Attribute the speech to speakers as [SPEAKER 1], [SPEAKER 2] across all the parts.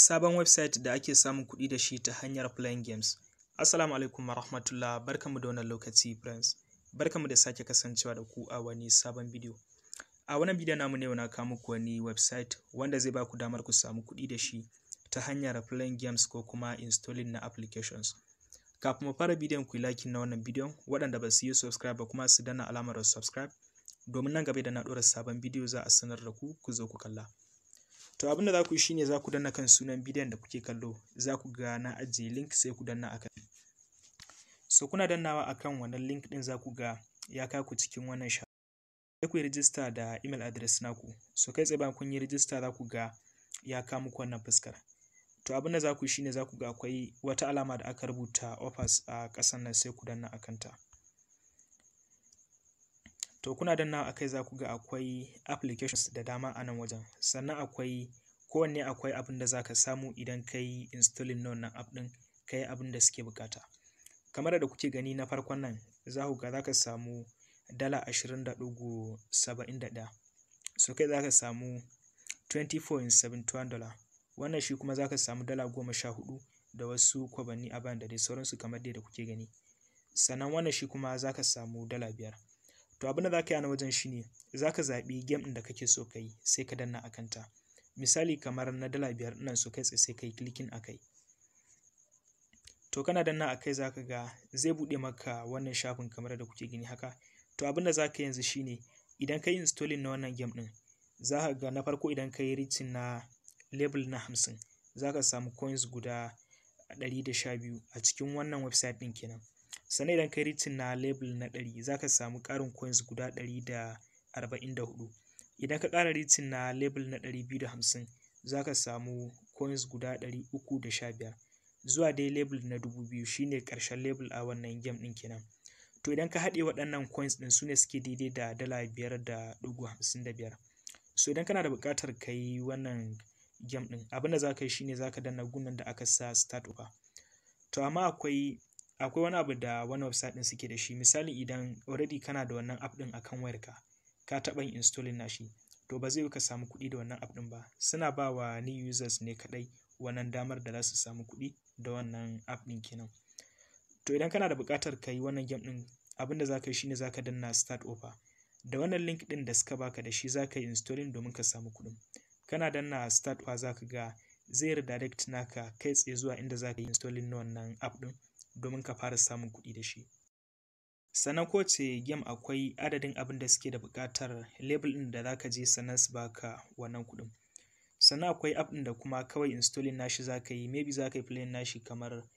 [SPEAKER 1] sabon website da ake samun kuɗi da shi ta hanyar playing games. Assalamu alaikum wa rahmatullah, barkamu da wannan lokaci friends. mu da sake kasancewa da ku a wani sabon bidiyo. A wannan bidiyo namu ne na kawo muku wani website wanda zai ba ku damar ku samu kuɗi da shi ta hanyar playing games ko kuma installing na applications. Kafin mu fara bidiyon ku yi laki na wannan bidiyon, waɗanda ba su yi subscribe ba kuma su danna alamar subscribe domin nan gaba da na ɗora sabon bidiyo za a sanar da ku ku zo ku kalla. To abin da za ku yi shine za ku danna kan sunan bidiyon da kuke kallo, za ku ga na ajiye link sai ku danna akan. So kuna dannawa akan wannan link din za ku ga ya ku cikin wannan sha. Sai ku yi rijista da email address naku. So kai tsaye bayan kun yi rijista za ku ga ya kawo muku wannan fuskar. To abin da za ku yi shine za ku ga akwai wata alama da aka rubuta offers a ƙasan nan sai ku danna akan ta. to kuna nawa akai za ku ga akwai applications da dama a nan wajen sannan akwai kowanne akwai abin da za ka samu idan ka yi installing na wannan app ɗin ka yi abin da suke bukata kamar da kuke gani na farkon nan za ku ga za ka samu dala ashirin da ɗigo saba'in da ɗaya so kai za ka samu one dollar wannan shi kuma za ka samu dala goma sha hudu da wasu kwabanni a bayan da dai sauransu kamar dai da kuke gani sannan wannan shi kuma za ka samu dala biyar to abin da za ka yi a wajen shi ne za ka zaɓi game ɗin da kake so ka yi sai ka danna a kanta misali kamar na dala biyar nan so kai sai ka yi klikin a kai to kana danna a kai za ka ga zai buɗe maka wannan shafin kamar da kuke gini haka to abin da za ka yanzu shine idan ka yi installing na wannan game ɗin za ka ga na farko idan ka yi reaching na level na hamsin za ka samu coins guda ɗari da sha biyu a cikin wannan website ɗin kenan sannan idan kai ritin na lebel na ɗari za ka samu ƙarin coins guda ɗari da arba'in da hudu idan ka ƙara ritin na lebel na ɗari biyu da hamsin za ka samu coins guda ɗari uku da sha biyar zuwa dai lebel na dubu biyu shine ƙarshen lebel a wannan game ɗin kenan to idan ka haɗe waɗannan coins ɗin su ne suke daidai da dala biyar da ɗigo hamsin da biyar so idan kana da buƙatar ka yi wannan game ɗin abin da za ka yi shine za ka danna gunan da aka sa start over to amma akwai akwai wani abu da wani website din suke da shi misali idan already kana da wannan app din akan wayarka ka yi yin installing nashi to ba zai ka samu kuɗi da wannan app din ba suna ba wa new users ne kadai wannan damar da za su samu kuɗi da wannan app din kenan to idan kana da buƙatar ka yi wannan game din abin da zaka yi shine zaka danna start over da wannan link din da suka baka da shi zaka ka yi installing domin ka samu kuɗin kana danna start over za ka ga zai redirect naka kai tsaye zuwa inda zaka yi installing na wannan app din. domin ka fara samun kuɗi da shi. Sannan kowace game akwai adadin abin da suke da buƙatar label ɗin da za ka je sannan su baka wannan kuɗin. Sannan akwai app ɗin da kuma kawai installing nashi za ka yi, maybe za ka yi playing nashi kamar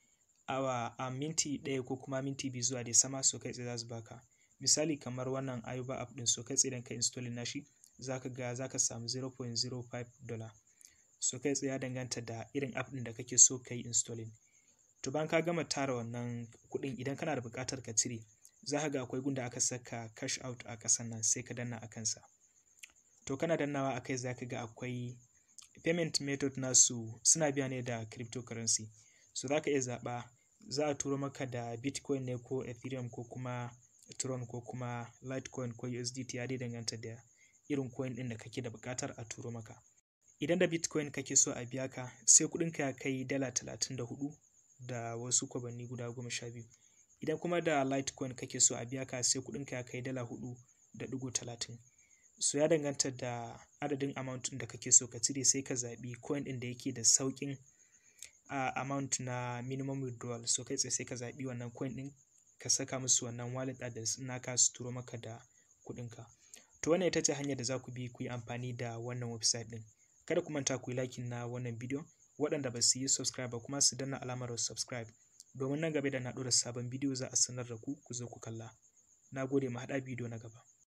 [SPEAKER 1] awa a minti ɗaya ko kuma minti biyu zuwa dai sama so kai tsaye za su baka. Misali kamar wannan Ayuba app ɗin so kai tsaye idan ka installing nashi za ka ga za ka samu 0.05 dollar. So kai tsaye ya danganta da irin app ɗin da kake so ka yi installing. to bayan ka gama tara wannan kuɗin idan kana da buƙatar ka cire za ka ga akwai gunda aka saka cash out a ƙasan nan sai ka danna a kansa to kana dannawa a kai za ka ga akwai payment method nasu suna biya ne da cryptocurrency so za ka iya zaɓa za a turo maka da bitcoin ne ko ethereum ko kuma tron ko kuma litecoin ko usdt ya dai danganta da irin coin ɗin da kake da buƙatar a turo maka idan da bitcoin kake so a biya ka sai kuɗinka ya kai dala talatin da hudu da wasu kwabanni guda goma sha biyu idan kuma da litecoin kake so a biya ka sai ka ya kai dala hudu da ɗigo talatin so ya danganta da adadin amount da kake so ka cire sai ka zaɓi coin ɗin da yake da sauƙin uh, amount na minimum withdrawal so kai tsaye sai ka zaɓi wannan coin ɗin ka saka musu wannan wallet address naka su turo maka da kuɗinka to wannan ita ce hanyar da za ku bi ku yi amfani da wannan website ɗin kada ku manta ku yi liking na wannan bidiyon waɗanda ba su yi subscribe ba kuma su danna alamar subscribe domin nan gaba da na ɗora sabon bidiyo za a sanar da ku ku zo ku kalla na gode mu haɗa bidiyo na gaba